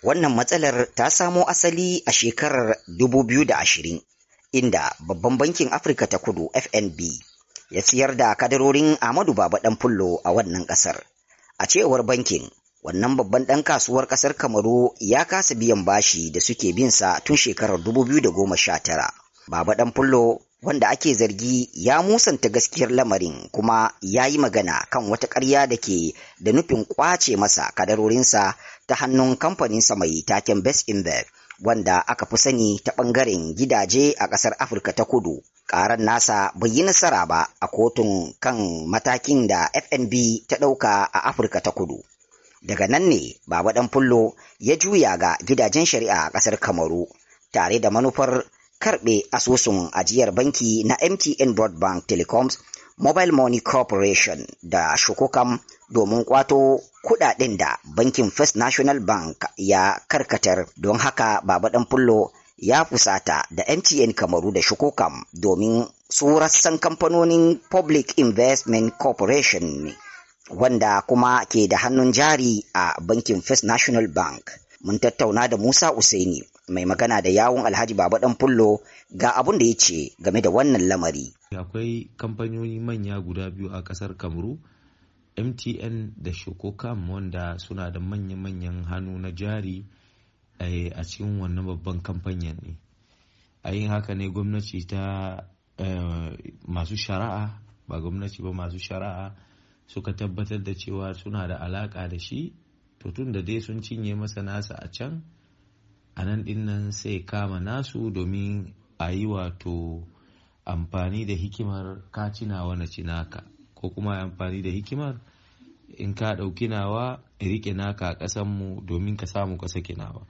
Wannan matsalar ta samo asali a shekarar 2020, inda Babban Bankin Afirka ta Kudu FNB ya siyar da kadarorin Amadu Baba ɗan fullo a wannan ƙasar. A cewar bankin, wannan babban ɗan kasuwar ƙasar Kamaru ya kasa biyan bashi da suke bin sa tun shekarar 2019. Baba ɗan fullo wanda ake zargi ya musanta gaskiyar lamarin kuma ya yi magana kan wata ƙarya da ke da nufin ƙwace masa kadarorinsa ta hannun kamfaninsa mai taken Best Inverb wanda aka fi sani ta ɓangaren gidaje a ƙasar Afirka ta kudu. Ƙaran nasa bai yi nasara ba a kotun kan matakin da FNB ta ɗauka a Afirka ta kudu. Daga nan ne Baba Ɗan Fullo ya juya ga gidajen shari'a a ƙasar Kamaru tare da manufar karɓe asusun ajiyar banki na MTN Broadband Telecoms, Mobile Money Corporation da Shukukam domin kwato kudaden da bankin First National Bank ya karkatar don haka Baba Dan Fullo ya fusata da MTN Kamaru da Shukukam domin su rassan kamfanonin Public Investment Corporation ne. wanda kuma ke da hannun jari a bankin First National Bank. Mun tattauna da Musa Usaini, mai magana da yawun alhaji baba dan fullo ga abun da ya ce game da wannan lamari akwai kamfanoni manya guda biyu a kasar kamaru mtn da shokokam wanda suna da manya-manyan hannu na jari eh, a cikin wannan babban kamfanyan ne a yin haka ne gwamnati ta eh, masu shari'a ba gwamnati ba masu shari'a suka tabbatar da cewa suna da alaka da shi to tun da dai sun cinye masa nasa a can a nan dinnan sai kama nasu domin a yi wato amfani da hikimar ka cinawa na cinaka ko kuma amfani da hikimar in ka ɗauki nawa riƙe naka a ƙasanmu domin ka samu ka sake nawa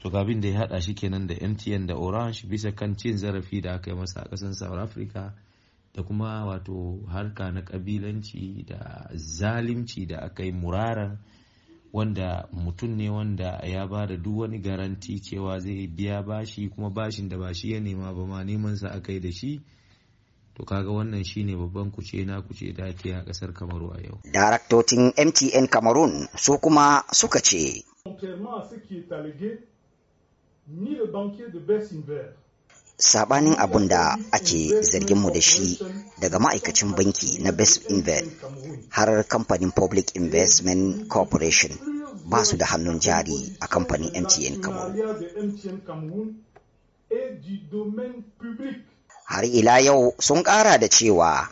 to gabin da ya haɗa shi kenan da mtn da orange bisa kan cin zarafi da aka yi masa a ƙasar south africa da kuma wato harka na ƙabilanci da zalimci da aka yi muraran wanda mutum ne wanda ya ba da duk wani garanti cewa zai biya bashi kuma bashin da ba shi ya nema ba ma neman sa akai da shi to kaga wannan shine babban kuce na kuce da ake a kasar kamaru a yau daraktocin mtn cameroon su kuma suka ce ni le banquier de sabanin abun da ake zargin mu da shi daga ma'aikacin banki na best invest har kamfanin public investment corporation ba su da hannun jari a kamfanin mtn kamaru har ila yau sun kara da cewa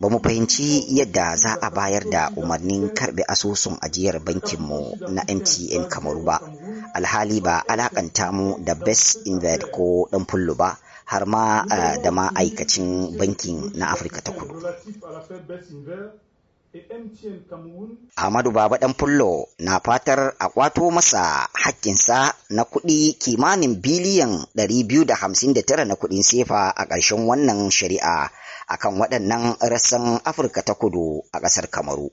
ba mu fahimci yadda za a bayar da umarnin karbe asusun ajiyar bankinmu na mtn kamaru ba alhali ba alakanta mu da best Invert ko ɗan fullu ba har ma eh, da ma'aikacin bankin na afirka ta kudu Ahmadu Baba ɗan Fullo na fatar a kwato masa hakkinsa na kuɗi kimanin biliyan 259 na kuɗin sefa a ƙarshen wannan shari'a a kan waɗannan rassan Afirka ta kudu a ƙasar Kamaru.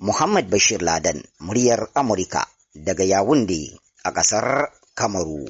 Muhammad Bashir Ladan muryar Amurka, daga Yawunde. a ƙasar Kamaru.